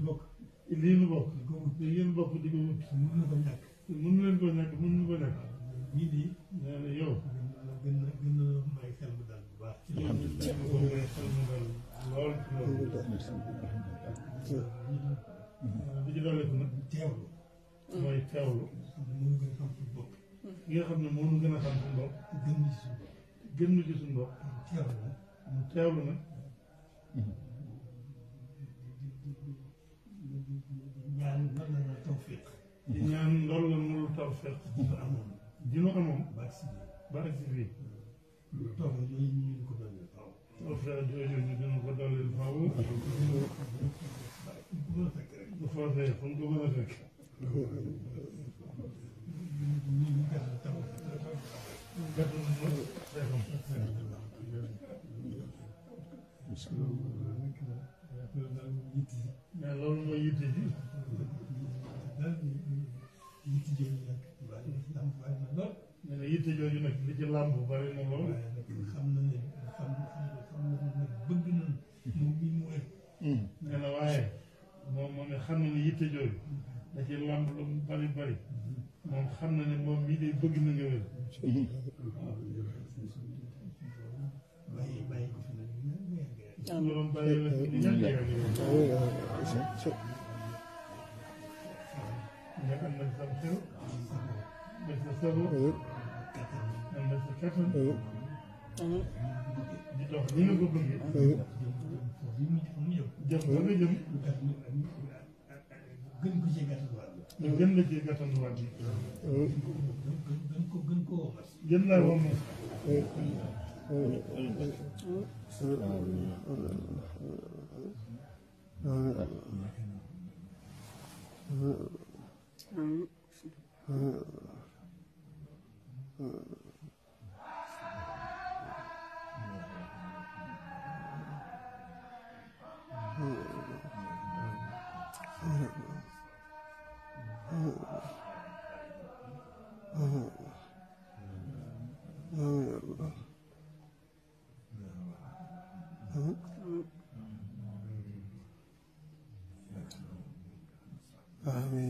ngeen bokk. lii nu bokk. lii ngeen bokk di ko wut. mënuñu ko ñàkk. mënuñu leen ko ñàkk mënuñu ko ñàkk. ñii di. nee na yow. gën na gën na may xel mu daal bu baax. alhamdulilah lool may xel mu daal lool ci loolu. li ci dooleeku nag teewlu. Mm. mooy teewlu. mënu gën a xam suñu bopp. Mm. ki nga xam ne moo ñu gën a xam suñu bopp. gën ñu ci suñu bopp. gën ñu ci suñu bopp. teewlu nag. teewlu nag. Mm-hmm. di ñaan ndoll mu tawfeex dina amoon dina amoon baax si baax si fii tawfeex jooju ñu ko dolleel faaw tawfeex jooju ñu dina ko dolleel faaw bu foofee fu mu ko mën a fekk mais loolu mooy yitte ji yitte yi nag bari nag li ci làmb bari na lool. waaye nag xam na ne xam moom moom moo xam na ne yitte jooju. da ci làmb lu mu bari bari. moom xam na ne moom mi day bëgg na nga wér. Mr. Sow. ak Mr. Ketton. di dox ni Amin